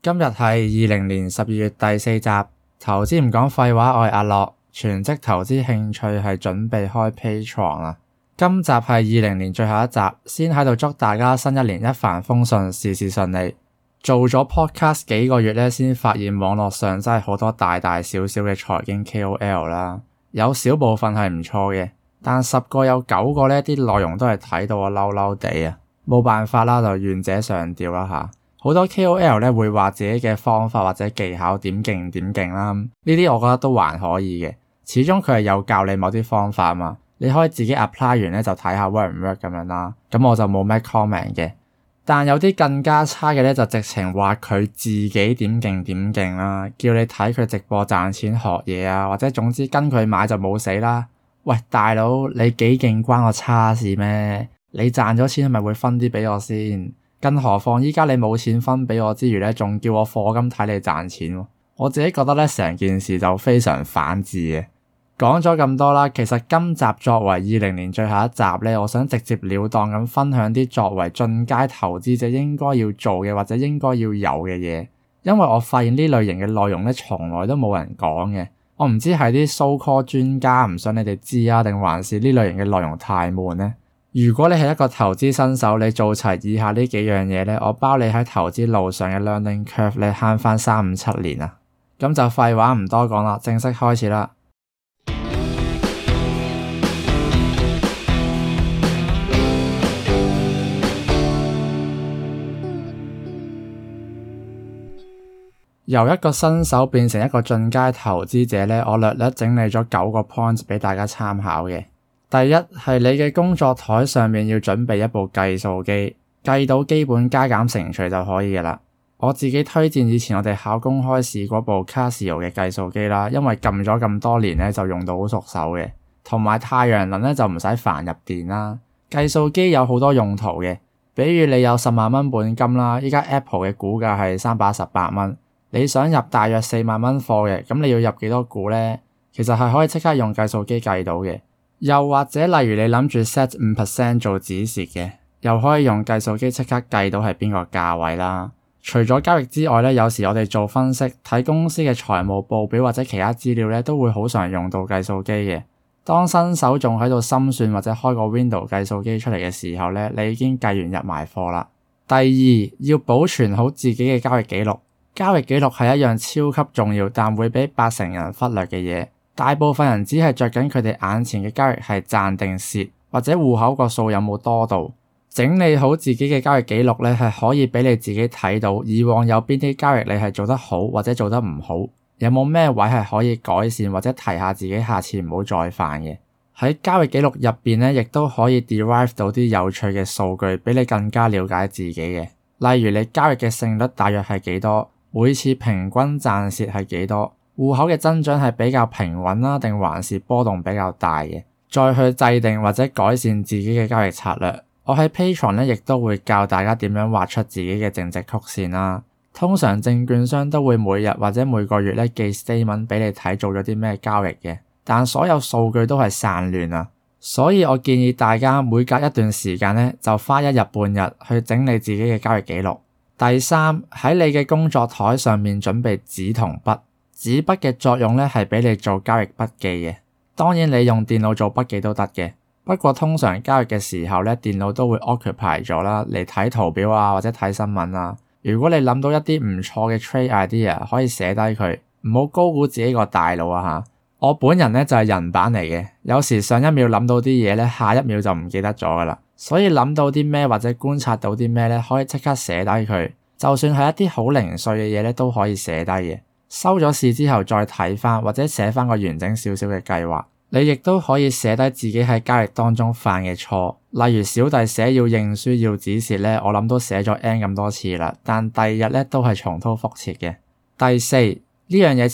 今日係二零年十二月第四集，投資唔講廢話，我係阿樂，全職投資興趣係準備開 Patreon 啦。今集係二零年最後一集，先喺度祝大家新一年一帆風順，事事順利。做咗 Podcast 幾個月咧，先發現網絡上真係好多大大小小嘅財經 KOL 啦，有小部分係唔錯嘅，但十個有九個呢啲內容都係睇到我嬲嬲地啊，冇辦法啦，就願者上釣啦吓。好多 KOL 咧會話自己嘅方法或者技巧點勁點勁啦，呢啲我覺得都還可以嘅，始終佢係有教你某啲方法嘛，你可以自己 apply 完咧就睇下 work 唔 work 咁樣啦。咁我就冇咩 comment 嘅，但有啲更加差嘅咧就直情話佢自己點勁點勁啦，啊，叫你睇佢直播賺錢學嘢啊，或者總之跟佢買就冇死啦。喂，大佬，你幾勁關我叉事咩？你賺咗錢係咪會分啲俾我先？更何況而家你冇錢分畀我之餘咧，仲叫我課金睇你賺錢，哦，我自己覺得咧成件事就非常反智嘅。講咗咁多啦，其實今集作為二零年最後一集呢，我想直接了當咁分享啲作為進階投資者應該要做嘅或者應該要有嘅嘢，因為我發現呢類型嘅內容呢，從來都冇人講嘅我唔知係啲 so called 專家唔想你哋知啊，定還是呢類型嘅內容太悶呢？如果你係一個投資新手，你做齊以下呢幾樣嘢咧，我包你喺投資路上嘅 learning curve 你慳翻三五七年啊！咁就廢話唔多講啦，正式開始啦。 由一個新手變成一個進階投資者咧，我略略整理咗九個 point 俾大家參考嘅。第一係，你嘅工作台上面要準備一部計數機，計到基本加減乘除就可以噶啦。我自己推薦以前我哋考公開試嗰部卡西歐嘅計數機啦，因為撳咗咁多年咧，就用到好熟手嘅。同埋太陽能咧就唔使煩入電啦。計數機有好多用途嘅，比如你有十萬蚊本金啦，而家 Apple 嘅股價係三百一十八蚊，你想入大約四萬蚊貨嘅，咁你要入幾多股咧？其實係可以即刻用計數機計到嘅。又或者例如你諗住 set 五 percent 做止蝕嘅，又可以用計數機即刻計到係邊個價位啦。除咗交易之外咧，有時我哋做分析睇公司嘅財務報表或者其他資料咧，都會好常用到計數機嘅。當新手仲喺度心算或者開個 window 計數機出嚟嘅時候咧，你已經計完入埋貨啦。第二，要保存好自己嘅交易記錄，交易記錄係一樣超級重要，但會俾八成人忽略嘅嘢。大部分人只係着緊佢哋眼前嘅交易係賺定蝕，或者戶口個數有冇多到。整理好自己嘅交易記錄咧，係可以畀你自己睇到以往有邊啲交易你係做得好，或者做得唔好，有冇咩位係可以改善或者提下自己，下次唔好再犯嘅。喺交易記錄入邊呢，亦都可以 derive 到啲有趣嘅數據，俾你更加了解自己嘅。例如你交易嘅勝率大約係幾多，每次平均賺蝕係幾多。戶口嘅增長係比較平穩啦，定還是波動比較大嘅？再去制定或者改善自己嘅交易策略。我喺 Patreon 呢，亦都會教大家點樣畫出自己嘅淨值曲線啦。通常證券商都會每日或者每個月咧寄 statement 俾你睇，做咗啲咩交易嘅，但所有數據都係散亂啊。所以我建議大家每隔一段時間呢，就花一日半日去整理自己嘅交易記錄。第三，喺你嘅工作台上面準備紙同筆。紙筆嘅作用咧係俾你做交易筆記嘅。當然你用電腦做筆記都得嘅，不過通常交易嘅時候咧，電腦都會 occupy 咗啦，嚟睇圖表啊，或者睇新聞啊。如果你諗到一啲唔錯嘅 trade idea，可以寫低佢，唔好高估自己個大腦啊吓。我本人咧就係人版嚟嘅，有時上一秒諗到啲嘢咧，下一秒就唔記得咗噶啦。所以諗到啲咩或者觀察到啲咩咧，可以即刻寫低佢，就算係一啲好零碎嘅嘢咧，都可以寫低嘅。收咗市之後再睇返或者寫返個完整少少嘅計劃，你亦都可以寫低自己喺交易當中犯嘅錯，例如小弟寫要認輸要止蝕呢，我諗都寫咗 N 咁多次啦，但第二日呢，都係重蹈覆轍嘅。第四呢樣嘢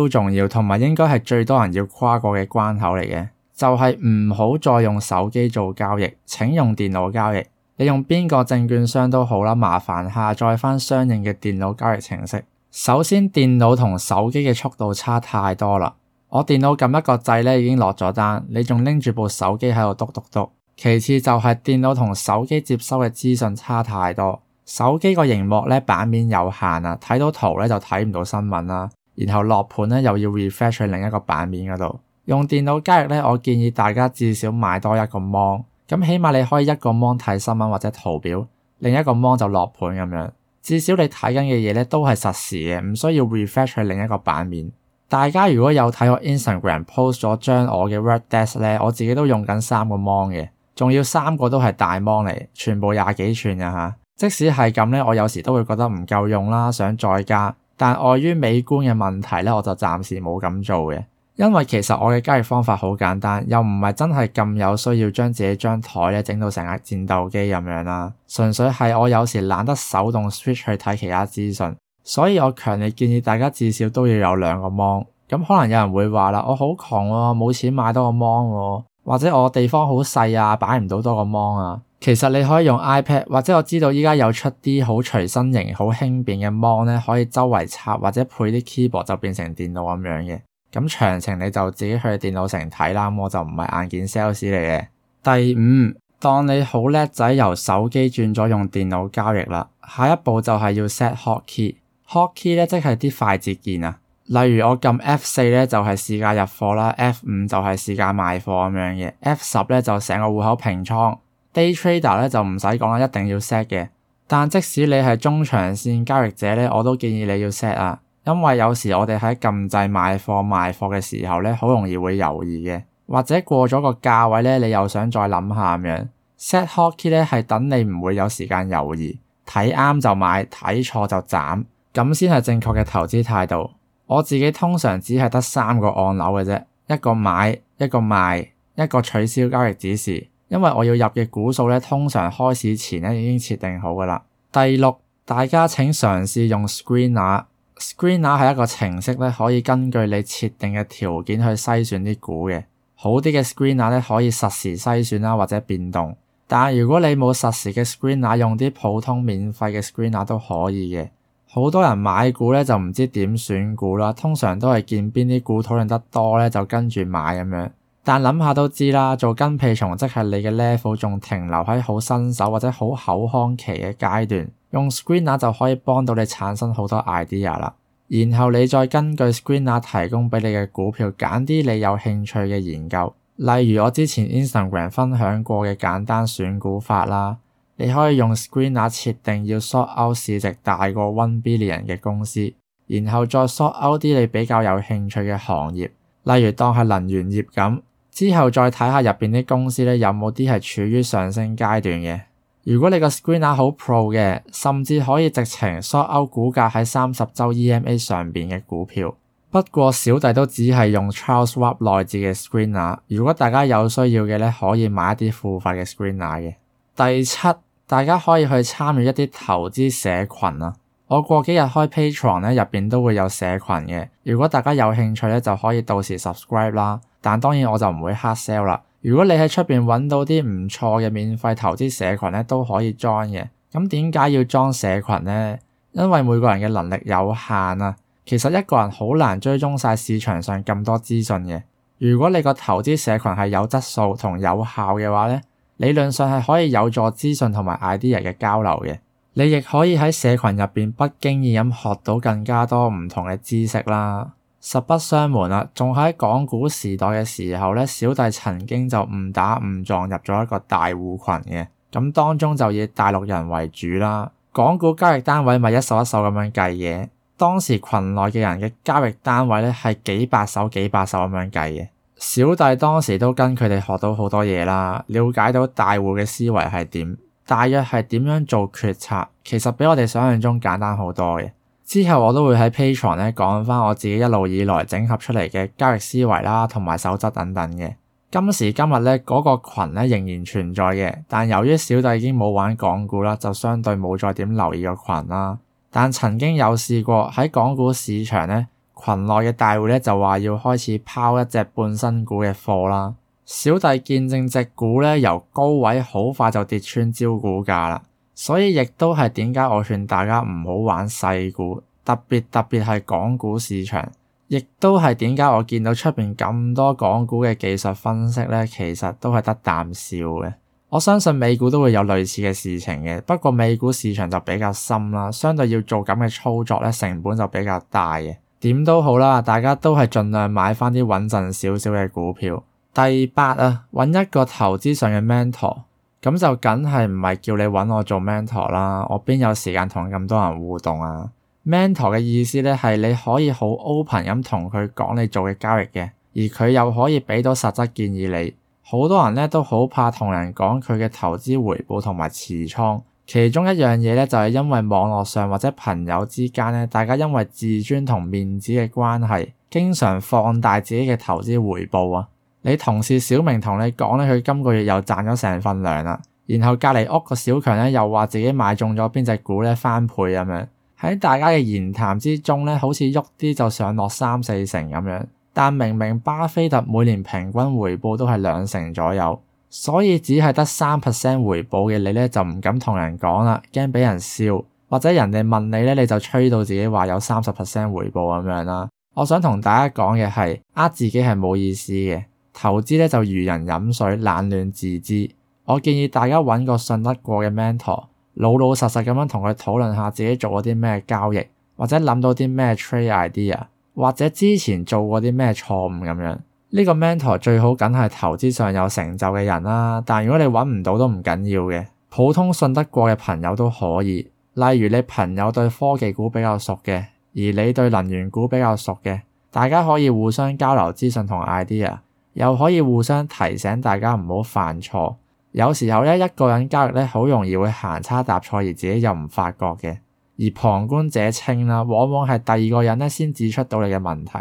超重要，同埋應該係最多人要跨過嘅關口嚟嘅，就係唔好再用手機做交易，請用電腦交易。你用邊個證券商都好啦，麻煩下載返相應嘅電腦交易程式。首先，電腦同手機嘅速度差太多啦。我電腦撳一個掣咧，已經落咗單，你仲拎住部手機喺度督督督。其次就係電腦同手機接收嘅資訊差太多。手機個熒幕咧，版面有限啊，睇到圖咧就睇唔到新聞啦。然後落盤咧又要 refresh 去另一個版面嗰度。用電腦交易咧，我建議大家至少買多一個 mon，咁起碼你可以一個 mon 睇新聞或者圖表，另一個 mon 就落盤咁樣。至少你睇緊嘅嘢咧都係實時嘅，唔需要 refresh 去另一個版面。大家如果有睇我 Instagram post 咗張我嘅 work desk 咧，我自己都用緊三個 mon 嘅，仲要三個都係大 mon 嚟，全部廿幾寸嘅嚇。即使係咁咧，我有時都會覺得唔夠用啦，想再加，但礙於美觀嘅問題咧，我就暫時冇咁做嘅。因為其實我嘅交易方法好簡單，又唔係真係咁有需要將自己張台咧整到成架戰鬥機咁樣啦。純粹係我有時懶得手動 switch 去睇其他資訊，所以我強烈建議大家至少都要有兩個 mon。咁可能有人會話啦，我好窮咯，冇錢買多個 mon，啊、或者我地方好細啊，擺唔到多個 mon 啊。其實你可以用 iPad，或者我知道依家有出啲好隨身型、好輕便嘅 mon 咧，可以周圍插或者配啲 keyboard 就變成電腦咁樣嘅。咁詳情你就自己去電腦城睇啦，我就唔係硬件 sales 嚟嘅。第五，當你好叻仔，由手機轉咗用電腦交易啦，下一步就係要 set hot key。hot key 咧即係啲快捷鍵啊，例如我撳 F 四咧就係、係、試價入貨啦，F 五就係試價賣貨咁樣嘅，F 十咧就成個戶口平倉。Day trader 咧就唔使講啦，一定要 set 嘅。但即使你係中長線交易者咧，我都建議你要 set 啊。因為有時我哋喺撳掣買貨賣貨嘅時候咧，好容易會猶豫嘅，或者過咗個價位咧，你又想再諗下咁樣。Set hot key 咧係等你唔會有時間猶豫，睇啱就買，睇錯就斬，咁先係正確嘅投資態度。我自己通常只係得三個按鈕嘅啫，一個買，一個賣，一個取消交易指示。因為我要入嘅股數咧，通常開市前咧已經設定好噶啦。第六，大家請嘗試用 screener。Screener 係一個程式咧，可以根據你設定嘅條件去篩選啲股嘅。好啲嘅 Screener 咧，可以實時篩選啦，或者變動。但係如果你冇實時嘅 Screener，用啲普通免費嘅 Screener 都可以嘅。好多人買股咧就唔知點選股啦，通常都係見邊啲股討論得多咧就跟住買咁樣。但諗下都知啦，做跟屁蟲即係你嘅 level 仲停留喺好新手或者好口腔期嘅階段，用 Screener 就可以幫到你產生好多 idea 啦。然後你再根據 Screener 提供俾你嘅股票，揀啲你有興趣嘅研究。例如我之前 Instagram 分享過嘅簡單選股法啦，你可以用 Screener 設定要 sort out 市值大過 one billion 嘅公司，然後再 sort out 啲你比較有興趣嘅行業，例如當係能源業咁。之後再睇下入邊啲公司咧，有冇啲係處於上升階段嘅。如果你個 screener 好 pro 嘅，甚至可以直情篤 out 股價喺三十週 EMA 上邊嘅股票。不過小弟都只係用 Charles Schwab 內置嘅 screener。如果大家有需要嘅咧，可以買一啲付費嘅 screener 嘅。第七，大家可以去參與一啲投資社群啊。我過幾日開 Patreon 咧，入邊都會有社群嘅。如果大家有興趣咧，就可以到時 subscribe 啦。但當然我就唔會 hard sell 啦。如果你喺出邊揾到啲唔錯嘅免費投資社群咧，都可以 join 嘅。咁點解要 join 社群咧？因為每個人嘅能力有限啊，其實一個人好難追蹤晒市場上咁多資訊嘅。如果你個投資社群係有質素同有效嘅話咧，理論上係可以有助資訊同埋 idea 嘅交流嘅。你亦可以喺社群入邊不經意咁學到更加多唔同嘅知識啦。實不相瞞啦，仲喺港股時代嘅時候咧，小弟曾經就誤打誤撞入咗一個大戶群嘅，咁當中就以大陸人爲主啦。港股交易單位咪一手一手咁樣計嘢，當時群內嘅人嘅交易單位咧係幾百手幾百手咁樣計嘅。小弟當時都跟佢哋學到好多嘢啦，了解到大戶嘅思維係點，大約係點樣做決策，其實比我哋想象中簡單好多嘅。之後我都會喺 Patreon 咧講翻我自己一路以來整合出嚟嘅交易思維啦，同埋守則等等嘅。今時今日咧，嗰、那個群咧仍然存在嘅，但由於小弟已經冇玩港股啦，就相對冇再點留意個群啦。但曾經有試過喺港股市場咧，群內嘅大戶咧就話要開始拋一隻半新股嘅貨啦。小弟見證隻股咧由高位好快就跌穿招股價啦。所以亦都係點解我勸大家唔好玩細股，特別特別係港股市場。亦都係點解我見到出邊咁多港股嘅技術分析咧，其實都係得啖笑嘅。我相信美股都會有類似嘅事情嘅，不過美股市場就比較深啦，相對要做咁嘅操作咧，成本就比較大嘅。點都好啦，大家都係盡量買翻啲穩陣少少嘅股票。第八啊，揾一個投資上嘅 m e n t o r 咁就梗係唔係叫你揾我做 mentor 啦，我邊有時間同咁多人互動啊？mentor 嘅意思咧，係你可以好 open 咁同佢講你做嘅交易嘅，而佢又可以畀到實質建議你。好多人咧都好怕同人講佢嘅投資回報同埋持倉，其中一樣嘢咧，就係因為網絡上或者朋友之間咧，大家因為自尊同面子嘅關係，經常放大自己嘅投資回報啊。你同事小明同你講咧，佢今個月又賺咗成份糧啦。然後隔籬屋個小強咧又話自己買中咗邊隻股咧翻倍咁樣。喺大家嘅言談之中咧，好似喐啲就上落三四成咁樣。但明明巴菲特每年平均回報都係兩成左右，所以只係得三 percent 回報嘅你咧就唔敢同人講啦，驚俾人笑，或者人哋問你咧你就吹到自己話有三十 percent 回報咁樣啦。我想同大家講嘅係呃自己係冇意思嘅。投資咧就如人飲水，冷暖自知。我建議大家揾個信得過嘅 mentor，老老實實咁樣同佢討論下自己做過啲咩交易，或者諗到啲咩 trade idea，或者之前做過啲咩錯誤咁樣。呢個 mentor 最好梗係投資上有成就嘅人啦。但如果你揾唔到都唔緊要嘅，普通信得過嘅朋友都可以。例如你朋友對科技股比較熟嘅，而你對能源股比較熟嘅，大家可以互相交流資訊同 idea。又可以互相提醒大家唔好犯錯。有時候咧，一個人交易咧，好容易會行差踏錯，而自己又唔發覺嘅。而旁觀者清啦，往往係第二個人咧先指出到你嘅問題。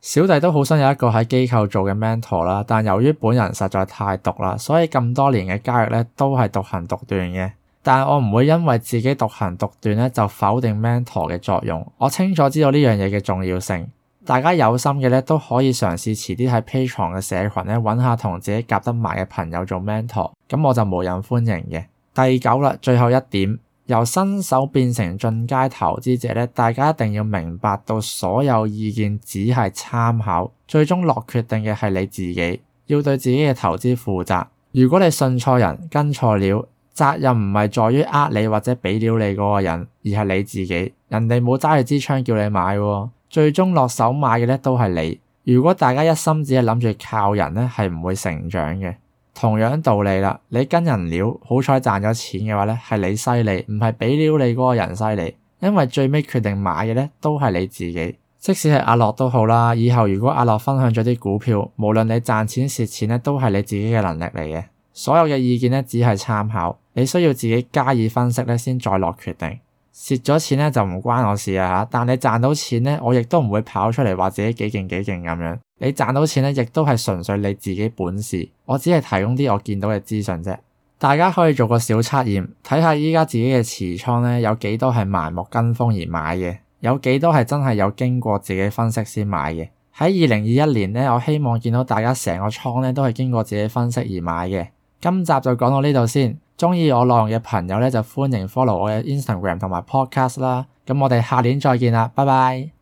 小弟都好想有一個喺機構做嘅 mentor 啦，但由於本人實在太獨啦，所以咁多年嘅交易咧都係獨行獨斷嘅。但我唔會因為自己獨行獨斷咧就否定 mentor 嘅作用。我清楚知道呢樣嘢嘅重要性。大家有心嘅咧，都可以嘗試遲啲喺 Patreon 嘅社群咧揾下同自己夾得埋嘅朋友做 mentor。咁我就無任歡迎嘅。第九啦，最後一點，由新手變成進階投資者咧，大家一定要明白到所有意見只係參考，最終落決定嘅係你自己，要對自己嘅投資負責。如果你信錯人跟錯了，責任唔係在於呃你或者俾料你嗰個人，而係你自己。人哋冇揸住支槍叫你買喎。最終落手買嘅咧都係你。如果大家一心只係諗住靠人咧，係唔會成長嘅。同樣道理啦，你跟人料，好彩賺咗錢嘅話咧，係你犀利，唔係俾料你嗰個人犀利。因為最尾決定買嘅咧都係你自己。即使係阿樂都好啦，以後如果阿樂分享咗啲股票，無論你賺錢蝕錢咧，都係你自己嘅能力嚟嘅。所有嘅意見咧只係參考，你需要自己加以分析咧先再落決定。蝕咗錢咧就唔關我事啊吓，但你賺到錢咧，我亦都唔會跑出嚟，話自己幾勁幾勁咁樣。你賺到錢咧，亦都係純粹你自己本事，我只係提供啲我見到嘅資訊啫。大家可以做個小測驗，睇下依家自己嘅持倉咧有幾多係盲目跟風而買嘅，有幾多係真係有經過自己分析先買嘅。喺二零二一年咧，我希望見到大家成個倉咧都係經過自己分析而買嘅。今集就講到呢度先。鍾意我內容嘅朋友咧，就歡迎 follow 我嘅 Instagram 同埋 Podcast 啦。咁我哋下年再見啦，拜拜。